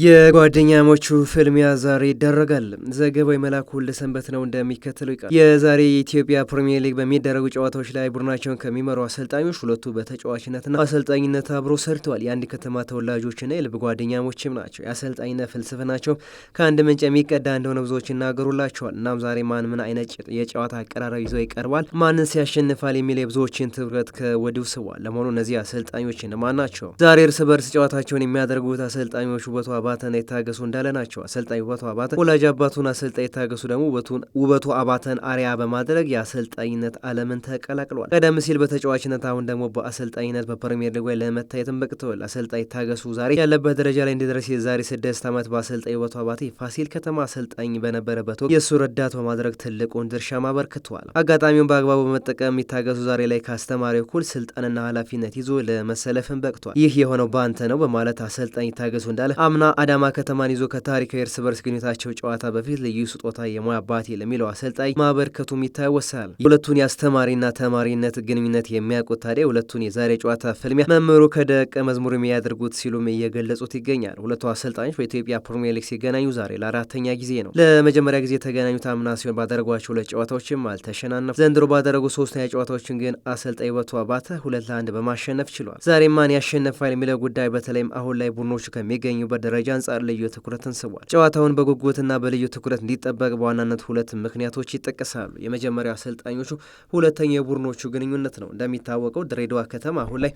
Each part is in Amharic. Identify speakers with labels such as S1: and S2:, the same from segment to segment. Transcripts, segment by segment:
S1: የጓደኛሞቹ ፍልሚያ ዛሬ ይደረጋል። ዘገባው መላኩ ወልደሰንበት ነው፣ እንደሚከተለው ይቀርባል። የዛሬ የኢትዮጵያ ፕሪምየር ሊግ በሚደረጉ ጨዋታዎች ላይ ቡድናቸውን ከሚመሩ አሰልጣኞች ሁለቱ በተጫዋችነትና አሰልጣኝነት አብሮ ሰርተዋል። የአንድ ከተማ ተወላጆችና የልብ ጓደኛሞችም ናቸው። የአሰልጣኝነት ፍልስፍናቸው ከአንድ ምንጭ የሚቀዳ እንደሆነ ብዙዎች ይናገሩላቸዋል። እናም ዛሬ ማን ምን አይነት የጨዋታ አቀራረብ ይዘው ይቀርባል፣ ማንን ያሸንፋል የሚል የብዙዎችን ትኩረት ከወዲሁ ስቧል። ለመሆኑ እነዚህ አሰልጣኞች እነማን ናቸው? ዛሬ እርስ በርስ ጨዋታቸውን የሚያደርጉት አሰልጣኞቹ በቷ አባተን የታገሱ እንዳለ ናቸው። አሰልጣኝ ውበቱ አባተ ወላጅ አባቱን አሰልጣኝ የታገሱ ደግሞ ውበቱ አባተን አሪያ በማድረግ የአሰልጣኝነት ዓለምን ተቀላቅሏል። ቀደም ሲል በተጫዋችነት አሁን ደግሞ በአሰልጣኝነት በፕሪሚየር ሊግ ለመታየትም በቅተዋል። አሰልጣኝ ታገሱ ዛሬ ያለበት ደረጃ ላይ እንዲደርስ የዛሬ ስድስት ዓመት በአሰልጣኝ ውበቱ አባተ የፋሲል ከተማ አሰልጣኝ በነበረበት ወቅት የእሱ ረዳት በማድረግ ትልቁን ድርሻ ማበርክተዋል። አጋጣሚውን በአግባቡ በመጠቀም የታገሱ ዛሬ ላይ ከአስተማሪ እኩል ስልጣንና ኃላፊነት ይዞ ለመሰለፍን በቅቷል። ይህ የሆነው ባንተ ነው በማለት አሰልጣኝ ታገሱ እንዳለ አምና አዳማ ከተማን ይዞ ከታሪካዊ የእርስ በርስ ግንኙነታቸው ጨዋታ በፊት ልዩ ስጦታ የሙያ አባቴ ለሚለው አሰልጣኝ ማበርከቱም ይታወሳል። የሁለቱን የአስተማሪና ተማሪነት ግንኙነት የሚያውቁት ታዲያ ሁለቱን የዛሬ ጨዋታ ፍልሚያ መምህሩ ከደቀ መዝሙር የሚያደርጉት ሲሉም እየገለጹት ይገኛል። ሁለቱ አሰልጣኞች በኢትዮጵያ ፕሪሚየር ሊግ ሲገናኙ ዛሬ ለአራተኛ ጊዜ ነው። ለመጀመሪያ ጊዜ የተገናኙት አምና ሲሆን ባደረጓቸው ሁለት ጨዋታዎችም አልተሸናነፉ። ዘንድሮ ባደረጉ ሶስተኛ ጨዋታዎችን ግን አሰልጣኝ ውበቱ አባተ ሁለት ለአንድ በማሸነፍ ችሏል። ዛሬ ማን ያሸነፋል የሚለው ጉዳይ በተለይም አሁን ላይ ቡድኖቹ ከሚገኙበት ደረጃ ደረጃ አንጻር ልዩ ትኩረትን ስቧል። ጨዋታውን በጉጉትና በልዩ ትኩረት እንዲጠበቅ በዋናነት ሁለት ምክንያቶች ይጠቀሳሉ። የመጀመሪያ አሰልጣኞቹ፣ ሁለተኛ የቡድኖቹ ግንኙነት ነው። እንደሚታወቀው ድሬዳዋ ከተማ አሁን ላይ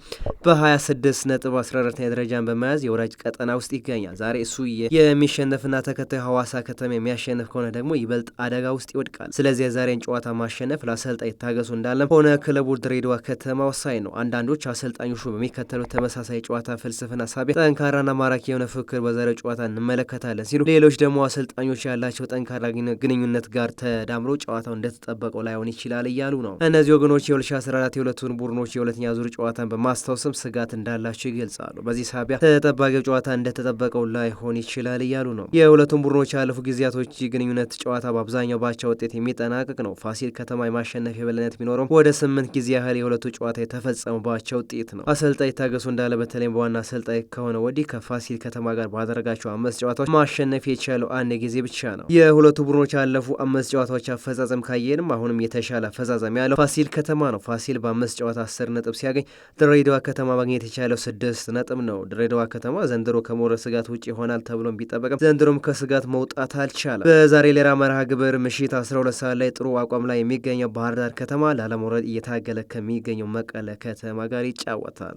S1: በ26 ነጥብ 14ኛ ደረጃን በመያዝ የወራጅ ቀጠና ውስጥ ይገኛል። ዛሬ እሱ የሚሸነፍና ተከታዩ ሐዋሳ ከተማ የሚያሸንፍ ከሆነ ደግሞ ይበልጥ አደጋ ውስጥ ይወድቃል። ስለዚህ የዛሬን ጨዋታ ማሸነፍ ለአሰልጣኝ ታገሱ እንዳለም ሆነ ክለቡ ድሬዳዋ ከተማ ወሳኝ ነው። አንዳንዶች አሰልጣኞቹ በሚከተሉት ተመሳሳይ ጨዋታ ፍልስፍና ሳቢያ ጠንካራና ማራኪ የሆነ ፍክክር በዛሬው ጨዋታ እንመለከታለን ሲሉ ሌሎች ደግሞ አሰልጣኞች ያላቸው ጠንካራ ግንኙነት ጋር ተዳምሮ ጨዋታው እንደተጠበቀው ላይሆን ይችላል እያሉ ነው። እነዚህ ወገኖች የ2014 የሁለቱን ቡድኖች የሁለተኛ ዙር ጨዋታን በማስታወስም ስጋት እንዳላቸው ይገልጻሉ። በዚህ ሳቢያ ተጠባቂው ጨዋታ እንደተጠበቀው ላይሆን ይችላል እያሉ ነው። የሁለቱን ቡድኖች ያለፉ ጊዜያቶች ግንኙነት ጨዋታ በአብዛኛው ባቻ ውጤት የሚጠናቀቅ ነው። ፋሲል ከተማ የማሸነፍ የበለነት ቢኖረውም ወደ ስምንት ጊዜ ያህል የሁለቱ ጨዋታ የተፈጸሙባቸው ውጤት ነው። አሰልጣኝ ታገሱ እንዳለ በተለይም በዋና አሰልጣኝ ከሆነ ወዲህ ከፋሲል ከተማ ጋር ባደረጋቸው አምስት ጨዋታዎች ማሸነፍ የቻለው አንድ ጊዜ ብቻ ነው። የሁለቱ ቡድኖች ያለፉ አምስት ጨዋታዎች አፈጻጸም ካየንም አሁንም የተሻለ አፈጻጸም ያለው ፋሲል ከተማ ነው። ፋሲል በአምስት ጨዋታ አስር ነጥብ ሲያገኝ ድሬዳዋ ከተማ ማግኘት የቻለው ስድስት ነጥብ ነው። ድሬዳዋ ከተማ ዘንድሮ ከመውረድ ስጋት ውጭ ይሆናል ተብሎም ቢጠበቅም ዘንድሮም ከስጋት መውጣት አልቻለም። በዛሬ ሌላ መርሃ ግብር ምሽት 12 ሰዓት ላይ ጥሩ አቋም ላይ የሚገኘው ባህር ዳር ከተማ ላለመውረድ እየታገለ ከሚገኘው መቀለ ከተማ ጋር ይጫወታል።